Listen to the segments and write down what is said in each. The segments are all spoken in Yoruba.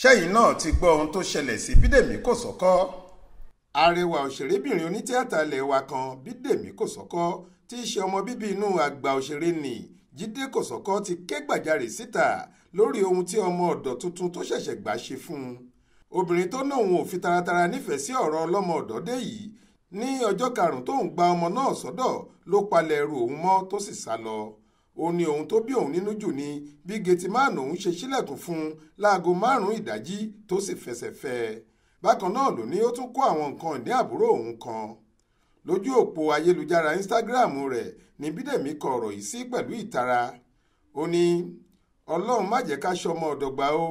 ṣẹ́yìn náà ti gbọ́ ohun tó ṣẹlẹ̀ sí bídèmí kòsọ́kọ́ arẹwà òṣèrébìnrin onítìátà ilẹ̀ wa kan bídèmí kòsọ́kọ́ tí í ṣe ọmọ bíbí inú àgbà òṣèré nì jíde kòsọ́kọ́ ti ké gbàjarè síta lórí ohun tí ọmọ ọ̀dọ̀ tuntun tó ṣẹ̀ṣẹ̀ gbà ṣe fún un obìnrin tó náà òun ò fi taratara nífẹ̀ẹ́ sí ọ̀rọ̀ ọlọ́mọ ọ̀dọ́ dé yìí ní ọjọ́ karùn-ún tóun gba ọmọ náà sọ́dọ̀ ló palẹ̀ ẹrù òun mọ́ tó sì sá lọ òun ni òun tó bí òun nínú jù ni bí gẹtìmáànù òun ṣe sílẹ̀kùn fún un láago márùn-ún ìdájí tó sì fẹsẹ̀ fẹ́ ẹ bákan náà ló ní ó tún kó àwọn nǹkan ìní àbúrò òun kan lójú òpó ayélujára Instagram rẹ̀ ní Bídèmí kọ ọ̀rọ̀ yìí sí pẹ̀lú ìtara ó ní Ọlọ́run má jẹ́ ká ṣọmọ ọ̀dọ̀gba o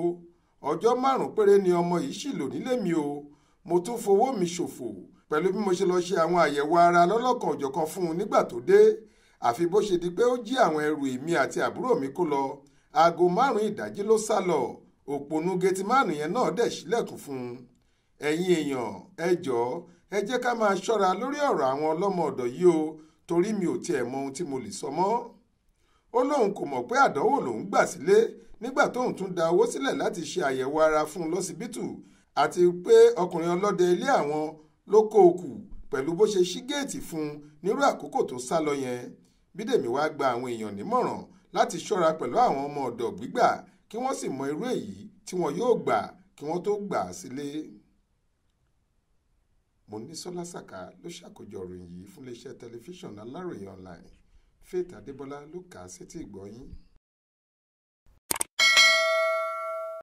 ọjọ́ márùn-ún péré ni ọmọ yìí ṣì lò nílé mi o mo tún fowó mi ṣòfò pẹ̀lú bí mo ṣe lọ ṣe àwọn àyẹ̀wò ara lọ́lọ́kan òjọ̀kan fún un nígbà tó dé àfi bó ṣe di pé ó jí àwọn ẹrù èmi àti àbúrò mi kó lọ aago márùn-ún ìdájí ló sá lọ òpònú gẹtìmánù yẹn náà dẹ̀ sílẹ̀kùn fún un ẹ̀yin èèyàn ẹ jọ̀ọ́ ẹ jẹ́ ká máa ṣọ́ra lórí ọ̀rọ̀ àwọn ọlọ́mọ ọ̀dọ̀ yìí o torí mi ò tiẹ̀ mọ ohun tí mo lè sọ mọ́ ó lóun kò mọ̀ pé àdánwò lòun gbà sílé nígbà tóun tún da owó sílẹ̀ láti ṣe àyẹ̀wò ara fún un lọ́sibítù àti pé ọkùnrin ọlọ́dẹ ilé àwọn ló kó o pẹ̀lú bó ṣe ṣí géètì fún un nírú àkókò tó sá lọ yẹn bídèmí wá gba àwọn èèyàn nímọ̀ràn láti ṣọ́ra pẹ̀lú àwọn ọmọ ọ̀dọ̀ gbígbà kí wọ́n sì mọ irú èyí tí wọn yóò gbà kí wọ́n tó gbà á sílé. Monísọ́lá Sàká ló ṣàkójọ ìròyìn yìí fún iléeṣẹ́ tẹlifíṣàn Aláròye online Faith Adébọlá ló kà á sétí ìgbọ́